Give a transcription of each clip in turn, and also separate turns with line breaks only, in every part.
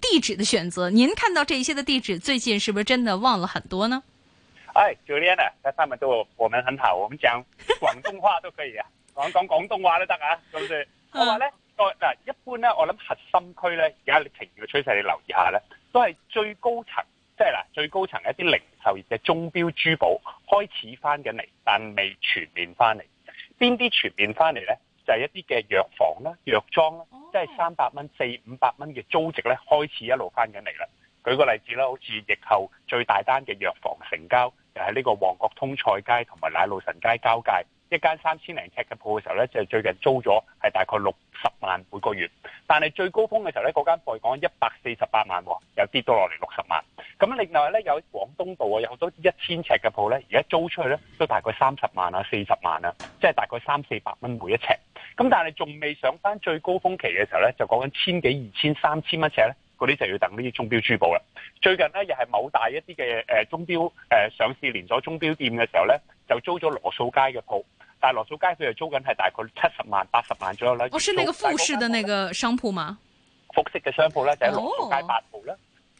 地址的選擇，您看到這些的地址，最近是不是真的忘了很多呢？
哎，Juliana，在上面都我們很好，我們講廣東話都可以啊，講講廣東話都得啊，咁就是、我話咧嗱，一般咧，我諗核心區咧，而家停業嘅趨勢，你留意下咧，都係最高層，即係嗱，最高層一啲零售業嘅鐘表珠寶開始翻緊嚟，但未全面翻嚟，邊啲全面翻嚟咧？就係、是、一啲嘅藥房啦、藥莊啦，即係三百蚊、四五百蚊嘅租值咧，開始一路翻緊嚟啦。舉個例子啦，好似疫後最大單嘅藥房成交，就係、是、呢個旺角通菜街同埋奶路臣街交界一間三千零尺嘅鋪嘅時候咧，就是、最近租咗係大概六十萬每個月。但係最高峰嘅時候咧，嗰間鋪講一百四十八萬，又跌到落嚟六十萬。咁另外咧，有廣東道啊，有好多一千尺嘅鋪咧，而家租出去咧都大概三十萬啊、四十萬啊，即、就、係、是、大概三四百蚊每一尺。咁、嗯、但係仲未上翻最高峰期嘅時候咧，就講緊千幾、二千、三千蚊尺咧，嗰啲就要等呢啲鐘錶珠寶啦。最近咧又係某大一啲嘅誒鐘錶誒上市連鎖鐘錶店嘅時候咧，就租咗羅素街嘅鋪，但係羅素街佢就租緊係大概七十萬、八十萬左右啦。我、哦、說那個複式
嘅那個商鋪嘛，
複式嘅商鋪咧、哦、就係、是、羅素街八號啦。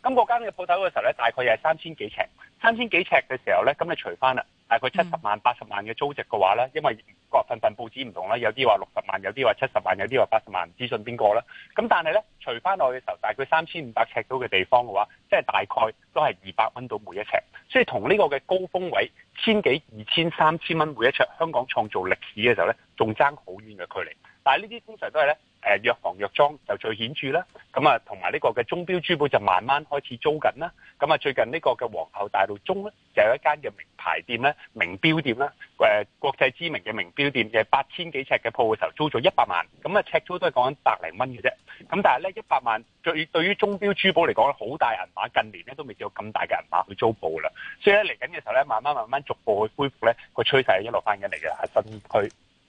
咁嗰間嘅鋪頭嘅時候咧，大概又係三千幾尺，三千幾尺嘅時候咧，咁你除翻啦，大概七十萬、八十萬嘅租值嘅話咧，因為各份份報紙唔同啦，有啲話六十萬，有啲話七十萬，有啲話八十萬，唔知信邊個啦？咁但係咧，除翻落去嘅時候，大概三千五百尺到嘅地方嘅話，即係大概都係二百蚊到每一尺，所以同呢個嘅高峰位千幾、二千、三千蚊每一尺，香港創造歷史嘅時候咧，仲爭好遠嘅距離。但係呢啲通常都係咧，誒藥房藥妝就最顯著啦。咁啊，同埋呢個嘅鐘錶珠寶就慢慢開始租緊啦。咁啊，最近呢個嘅皇后大道中咧，就有一間嘅名牌店咧，名錶店啦，誒國際知名嘅名錶店，嘅八千幾尺嘅鋪嘅時候租咗一百萬。咁啊，尺租都係講緊百零蚊嘅啫。咁但係咧，一百萬最對於鐘錶珠寶嚟講咧，好大銀碼。近年咧都未見有咁大嘅銀碼去租鋪啦。所以咧嚟緊嘅時候咧，慢慢慢慢逐步去恢復咧，個趨勢係一路翻緊嚟嘅。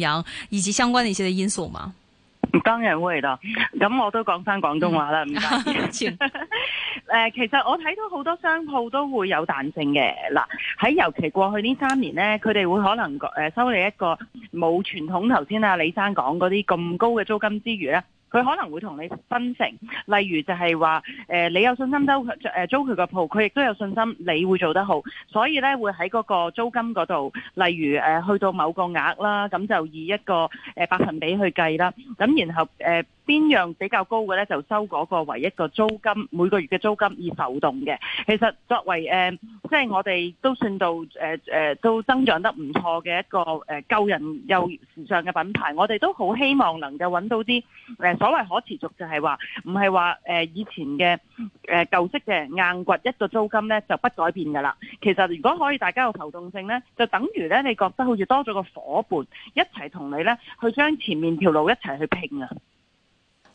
有，以及相關的一些的因素嘛？
當然會啦。咁我都講翻廣東話啦。唔、嗯、該，誒， 其實我睇到好多商鋪都會有彈性嘅。嗱，喺尤其過去呢三年呢，佢哋會可能誒收你一個冇傳統，頭先阿李生講嗰啲咁高嘅租金之餘呢。佢可能會同你分成，例如就係話，誒、呃、你有信心都租佢誒租佢個鋪，佢亦都有信心你會做得好，所以咧會喺嗰個租金嗰度，例如誒、呃、去到某個額啦，咁就以一個誒、呃、百分比去計啦，咁然後誒。呃邊樣比較高嘅呢？就收嗰個唯一個租金，每個月嘅租金而浮動嘅。其實作為誒，即、呃、係、就是、我哋都算到誒誒、呃呃，都增長得唔錯嘅一個誒舊、呃、人又兒時尚嘅品牌。我哋都好希望能夠揾到啲誒、呃、所謂可持續就，就係話唔係話誒以前嘅誒、呃、舊式嘅硬掘一個租金呢就不改變㗎喇。其實如果可以，大家有浮動性呢，就等於呢，你覺得好似多咗個夥伴一齊同你呢去將前面條路一齊去拼啊！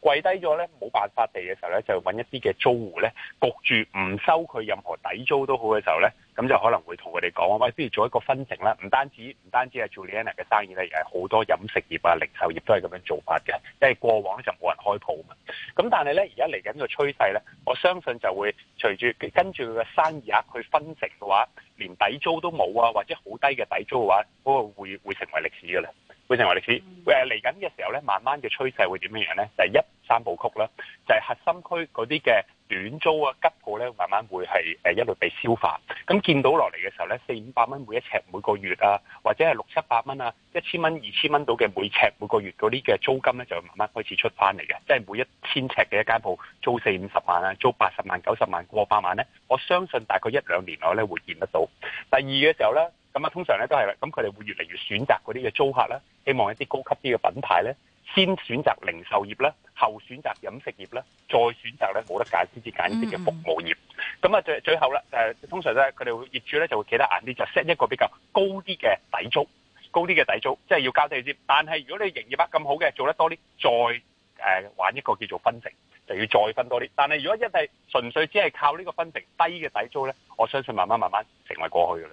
跪低咗咧，冇辦法地嘅時候咧，就揾一啲嘅租戶咧，焗住唔收佢任何底租都好嘅時候咧。咁就可能會同佢哋講，喂、哎、話不如做一個分成啦，唔單止唔單止係做 Juliana 嘅生意咧，而係好多飲食業啊、零售業都係咁樣做法嘅，因為過往就冇人開鋪嘛。咁但係咧，而家嚟緊個趨勢咧，我相信就會隨住跟住佢嘅生意額去分成嘅話，連底租都冇啊，或者好低嘅底租嘅話，嗰個會會成為歷史嘅啦，會成為歷史。嚟緊嘅時候咧，慢慢嘅趨勢會點樣呢？咧、就是？就係一三部曲啦，就係、是、核心區嗰啲嘅。短租啊，吉鋪咧，慢慢會係誒一路被消化。咁見到落嚟嘅時候咧，四五百蚊每一尺每個月啊，或者係六七百蚊啊，一千蚊、二千蚊到嘅每尺每個月嗰啲嘅租金咧，就會慢慢開始出翻嚟嘅。即係每一千尺嘅一間鋪租四五十萬啊，租八十萬、九十萬、過百萬咧，我相信大概一兩年內咧會見得到。第二嘅時候咧，咁啊通常咧都係啦，咁佢哋會越嚟越選擇嗰啲嘅租客啦，希望一啲高級啲嘅品牌咧，先選擇零售業啦。後選擇飲食業咧，再選擇咧冇得揀，先至揀呢啲嘅服務業。咁啊，最最後啦，誒通常咧，佢哋會業主咧就會企得硬啲，就 set 一個比較高啲嘅底租，高啲嘅底租，即係要交低啲。但係如果你營業額咁好嘅，做得多啲，再、呃、玩一個叫做分成，就要再分多啲。但係如果一係純粹只係靠呢個分成低嘅底租咧，我相信慢慢慢慢成為過去㗎啦。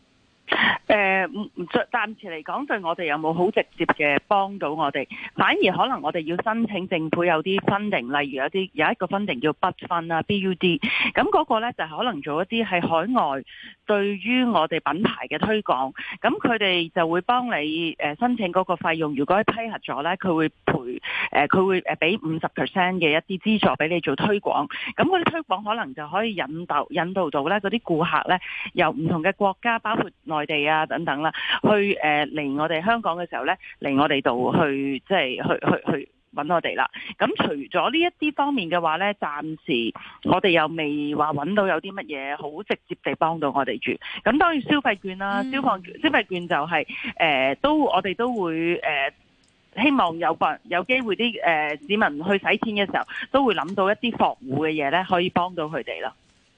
誒，唔唔，暫時嚟講，對我哋有冇好直接嘅幫到我哋。反而可能我哋要申請政府有啲 funding，例如有啲有一個 funding 叫 BUD Fund 啊，「BUD，咁嗰個咧就可能做一啲係海外對於我哋品牌嘅推廣，咁佢哋就會幫你誒申請嗰個費用。如果批核咗咧，佢會賠誒，佢、呃、會誒俾五十 percent 嘅一啲資助俾你做推廣。咁嗰啲推廣可能就可以引導引導到咧嗰啲顧客咧由唔同嘅國家，包括內。佢哋啊，等等啦，去誒嚟、呃、我哋香港嘅時候咧，嚟我哋度去即係去去去揾我哋啦。咁除咗呢一啲方面嘅話咧，暫時我哋又未話揾到有啲乜嘢好直接地幫到我哋住。咁當然消費券啦，嗯、消防、消費券就係、是、誒、呃、都我哋都會誒、呃、希望有個有機會啲誒、呃、市民去使錢嘅時候，都會諗到一啲防護嘅嘢咧，可以幫到佢哋啦。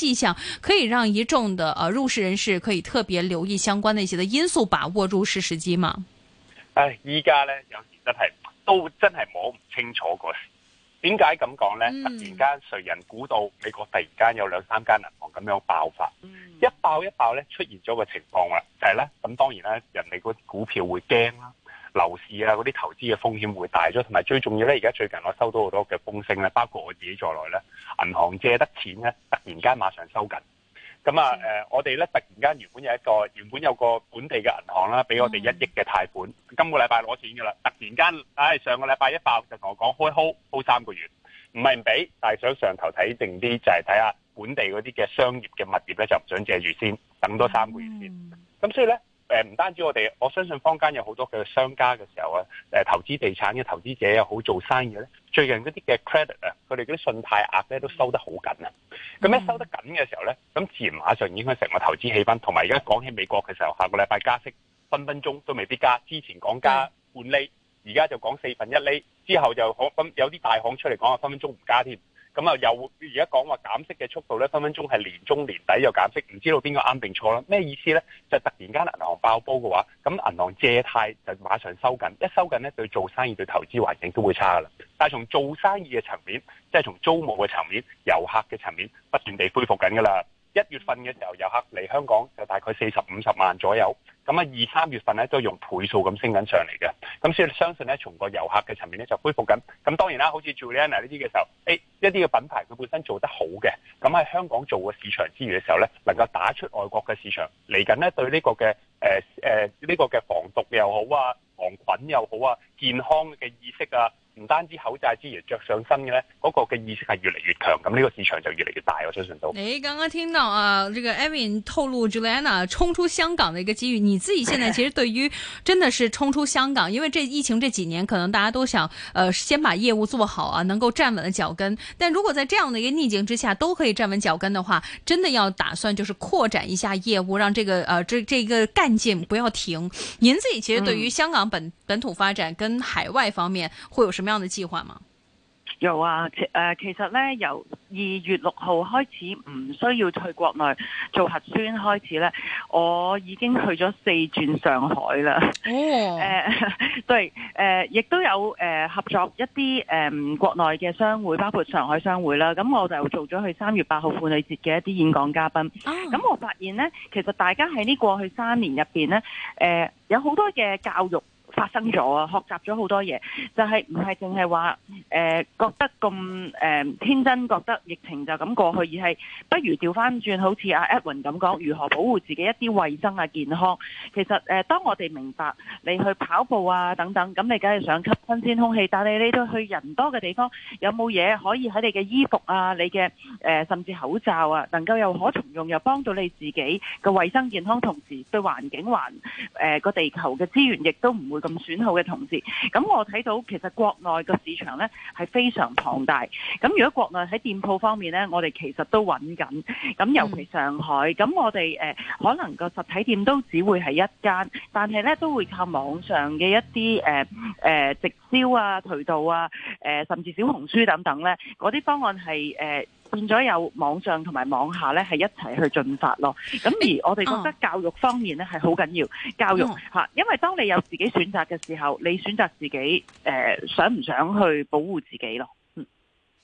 跡象可以讓一眾的呃入市人士可以特別留意相關的一些的因素，把握入市時機嘛？
誒，依家呢又真係都真係摸唔清楚佢。點解咁講呢、嗯？突然間，誰人估到美國突然間有兩三間銀行咁樣爆發、嗯？一爆一爆呢，出現咗個情況啦，就係、是、呢，咁當然啦，人哋股票會驚啦。樓市啊，嗰啲投資嘅風險會大咗，同埋最重要呢，而家最近我收到好多嘅風聲咧，包括我自己在內呢，銀行借得錢呢，突然間馬上收緊。咁啊，誒、呃，我哋呢，突然間原本有一個，原本有個本地嘅銀行啦、啊，俾我哋一億嘅貸款，今個禮拜攞錢噶啦，突然間，唉、哎，上個禮拜一爆就同我講開 hold hold 三個月，唔係唔俾，但係想上頭睇定啲，就係睇下本地嗰啲嘅商業嘅物業呢，就唔想借住先，等多三個月先。咁所以呢。誒唔單止我哋，我相信坊間有好多嘅商家嘅時候啊，誒投資地產嘅投資者又好，做生意咧，最近嗰啲嘅 credit 啊，佢哋嗰啲信貸額咧都收得好緊啊。咁、嗯、一收得緊嘅時候咧，咁自然馬上影響成個投資氣氛。同埋而家講起美國嘅時候，下個禮拜加息分分鐘都未必加。之前講加半厘，而家就講四分一厘，之後就可分有啲大行出嚟講話，分分鐘唔加添。咁啊，又而家講話減息嘅速度咧，分分鐘係年中年底就減息，唔知道邊個啱定錯啦。咩意思咧？就係突然間銀行爆煲嘅話，咁銀行借貸就馬上收緊，一收緊咧，對做生意對投資環境都會差噶啦。但係從做生意嘅層面，即係從租務嘅層面、遊客嘅層面，不斷地恢復緊噶啦。一月份嘅時候，遊客嚟香港就大概四十五十萬左右，咁啊二三月份咧都用倍數咁升緊上嚟嘅，咁所以相信咧從個遊客嘅層面咧就恢復緊，咁當然啦，好似 Juliana 呢啲嘅時候，誒、哎、一啲嘅品牌佢本身做得好嘅，咁喺香港做個市場之餘嘅時候咧，能夠打出外國嘅市場，嚟緊咧對呢個嘅誒誒呢個嘅防毒又好啊，防菌又好啊，健康嘅意識啊。唔單止口罩之餘著上身嘅呢，嗰個嘅意識係越嚟越強，咁呢個市場就越嚟越大，我相信都
你剛剛聽到啊，呢、這個 Evan 透露 Juliana 衝出香港嘅一個機遇。你自己現在其實對於，真的是衝出香港，因為這疫情這幾年，可能大家都想，呃，先把業務做好啊，能夠站穩了腳跟。但如果在這樣的一個逆境之下都可以站穩腳跟嘅話，真的要打算就是擴展一下業務，讓這個，呃，這這一個幹勁不要停。您自己其實對於香港本本土發展跟海外方面，會有什麼樣的？樣嘅計劃嘛
有啊，誒、呃，其實咧由二月六號開始唔需要去國內做核酸開始咧，我已經去咗四轉上海啦。哦、哎，誒、呃，對，誒、呃，亦都有誒、呃、合作一啲誒、呃、國內嘅商會，包括上海商會啦。咁我就做咗去三月八號婦女節嘅一啲演講嘉賓。咁、啊、我發現咧，其實大家喺呢過去三年入邊咧，誒、呃，有好多嘅教育。發生咗啊！學習咗好多嘢，就係唔係淨係話覺得咁、呃、天真，覺得疫情就咁過去，而係不如調翻轉，好似阿 Edwin 咁講，如何保護自己一啲衛生啊、健康。其實、呃、當我哋明白你去跑步啊等等，咁你梗係想吸新鮮空氣，但你都去人多嘅地方，有冇嘢可以喺你嘅衣服啊、你嘅、呃、甚至口罩啊，能夠又可重用又幫到你自己嘅衛生健康，同時對環境環誒個地球嘅資源亦都唔會咁，唔損耗嘅同時，咁我睇到其實國內個市場呢係非常龐大。咁如果國內喺店鋪方面呢，我哋其實都搵緊。咁尤其上海，咁我哋、呃、可能個實體店都只會係一間，但係呢都會靠網上嘅一啲誒、呃、直銷啊渠道啊、呃，甚至小紅書等等呢，嗰啲方案係誒。呃變咗有網上同埋網下咧，係一齊去進發咯。咁而我哋覺得教育方面咧係好緊要，教育吓，因為當你有自己選擇嘅時候，你選擇自己、呃、想唔想去保護自己咯。嗯，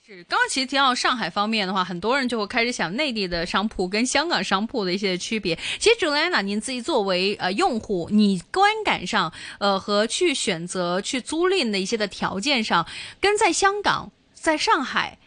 是。剛剛其實提到上海方面嘅話，很多人就會開始想內地的商鋪跟香港商鋪的一些區別。其實 Juliana 您自己作為呃用戶，你觀感上，呃和去選擇去租賃的一些的條件上，跟在香港，在上海。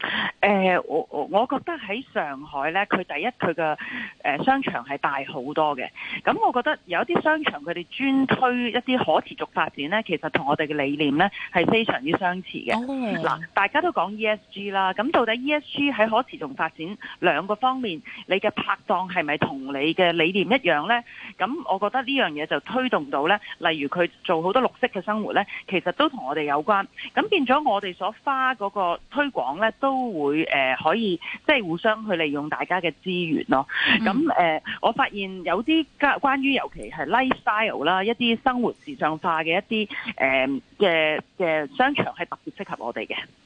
誒、呃，我我覺得喺上海呢，佢第一佢嘅誒商場係大好多嘅。咁我覺得有一啲商場佢哋專推一啲可持續發展呢，其實同我哋嘅理念呢係非常之相似嘅。嗱、okay，大家都講 ESG 啦，咁到底 ESG 喺可持續發展兩個方面，你嘅拍檔係咪同你嘅理念一樣呢？咁我覺得呢樣嘢就推動到呢，例如佢做好多綠色嘅生活呢，其實都同我哋有關。咁變咗我哋所花嗰個推廣呢。都。都會誒、呃，可以即係互相去利用大家嘅資源咯。咁誒、呃，我發現有啲關關於尤其係 lifestyle 啦，一啲生活時尚化嘅一啲誒嘅嘅商場，係特別適合我哋嘅。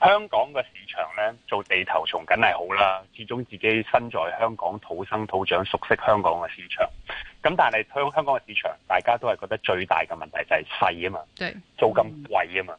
香港嘅市場呢，做地頭蟲梗係好啦。始終自己身在香港，土生土長，熟悉香港嘅市場。咁但係香，香港嘅市場，大家都係覺得最大嘅問題就係細啊嘛，租金貴啊嘛，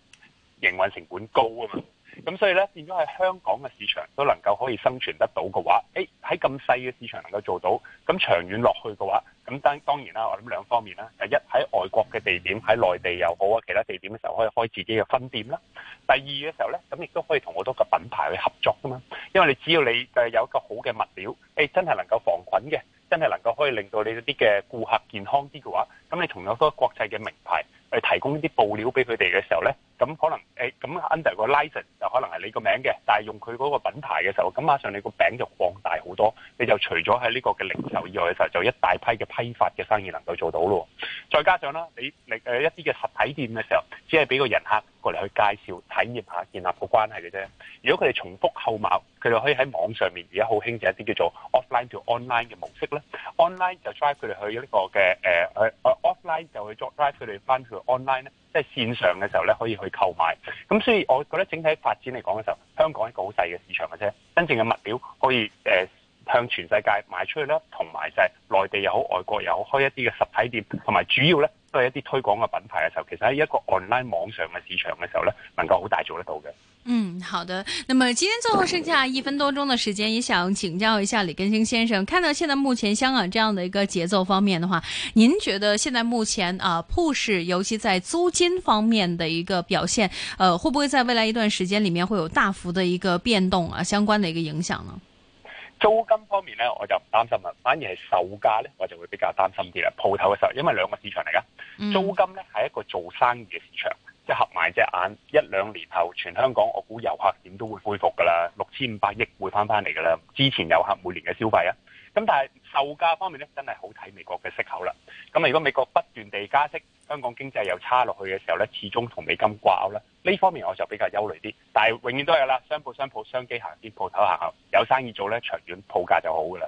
營運成本高啊嘛。咁所以咧，變咗喺香港嘅市場都能夠可以生存得到嘅話，誒喺咁細嘅市場能夠做到，咁長遠落去嘅話，咁當當然啦，我諗兩方面啦。第一喺外國嘅地點，喺內地又好啊，其他地點嘅時候可以開自己嘅分店啦。第二嘅時候咧，咁亦都可以同好多個品牌去合作噶嘛。因為你只要你有一個好嘅物料，誒、欸、真係能夠防菌嘅，真係能夠可以令到你啲嘅顧客健康啲嘅話，咁你同好多國際嘅名牌去提供呢啲布料俾佢哋。個名嘅，但係用佢嗰個品牌嘅時候，咁馬上你個餅就放大好多，你就除咗喺呢個嘅零售以外嘅時候，就一大批嘅批發嘅生意能夠做到咯。再加上啦、啊，你你誒一啲嘅實體店嘅時候，只係俾個人客過嚟，去介紹、體驗下、建立個關係嘅啫。如果佢哋重複號碼，佢哋可以喺網上面而家好興嘅一啲叫做 offline to online 嘅模式咧。Online 就 drive 佢哋去呢個嘅誒去。呃呃就去做 live 佢哋翻去 online 咧，即係綫上嘅時候咧，可以去購買，咁所以，我覺得整體發展嚟講嘅時候，香港係一個好細嘅市場嘅啫。真正嘅物料可以誒向全世界賣出去啦，同埋就係內地又好，外國又好，開一啲嘅實體店，同埋主要咧。一啲推廣嘅品牌嘅時候，其實喺一個 online 網上嘅市場嘅時候咧，能夠好大做得到嘅。嗯，
好的。那麼今天最後剩下一分多鐘嘅時間，也想請教一下李根興先生。看到現在目前香港這樣的一個節奏方面的話，您覺得現在目前啊舖市，尤其在租金方面的一個表現，呃，會不會在未來一段時間裏面會有大幅的一個變動啊？相關的一個影響呢？
租金方面咧，我就唔擔心啦，反而係售價咧，我就會比較擔心啲啦。鋪頭嘅售，因為兩個市場嚟噶、嗯，租金咧係一個做生意嘅市場，即係合埋隻眼，一兩年後全香港我估遊客點都會恢復㗎啦，六千五百億會翻返嚟㗎啦，之前遊客每年嘅消費啊。咁但係售價方面咧，真係好睇美國嘅息口啦。咁如果美國不斷地加息，香港經濟又差落去嘅時候咧，始終同美金掛鈎啦。呢方面我就比較憂慮啲。但係永遠都係啦，商鋪商鋪商機行啲鋪頭行有生意做咧，長遠鋪價就好噶啦。